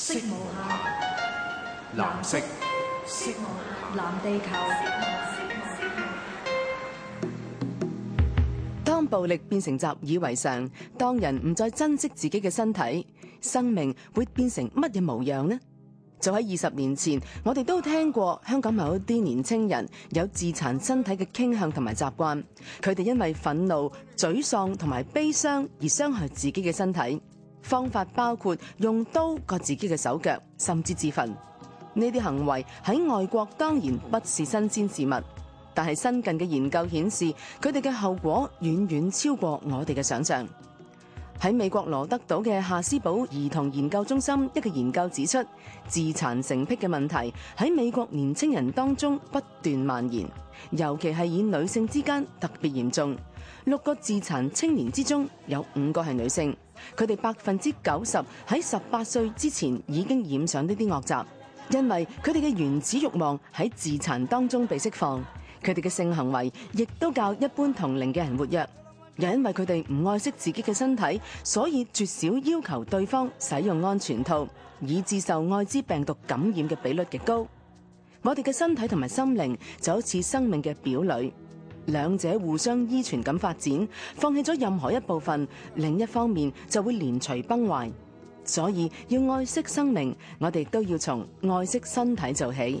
色母下藍色，色母下藍地球。當暴力變成習以為常，當人唔再珍惜自己嘅身體，生命會變成乜嘢模樣呢？就喺二十年前，我哋都聽過香港某啲年青人有自殘身體嘅傾向同埋習慣，佢哋因為憤怒、沮喪同埋悲傷而傷害自己嘅身體。方法包括用刀割自己嘅手腳，甚至自焚。呢啲行為喺外國當然不是新鮮事物，但係新近嘅研究顯示，佢哋嘅後果遠遠超過我哋嘅想象。喺美國羅德島嘅夏斯堡兒童研究中心，一個研究指出，自殘成癖嘅問題喺美國年青人當中不斷蔓延，尤其係以女性之間特別嚴重。六個自殘青年之中，有五個係女性，佢哋百分之九十喺十八歲之前已經染上呢啲惡習，因為佢哋嘅原始欲望喺自殘當中被釋放，佢哋嘅性行為亦都較一般同齡嘅人活躍。又因為佢哋唔愛惜自己嘅身體，所以絕少要求對方使用安全套，以致受艾滋病毒感染嘅比率極高。我哋嘅身體同埋心靈就好似生命嘅表裏，兩者互相依存咁發展。放棄咗任何一部分，另一方面就會連隨崩壞。所以要愛惜生命，我哋都要從愛惜身體做起。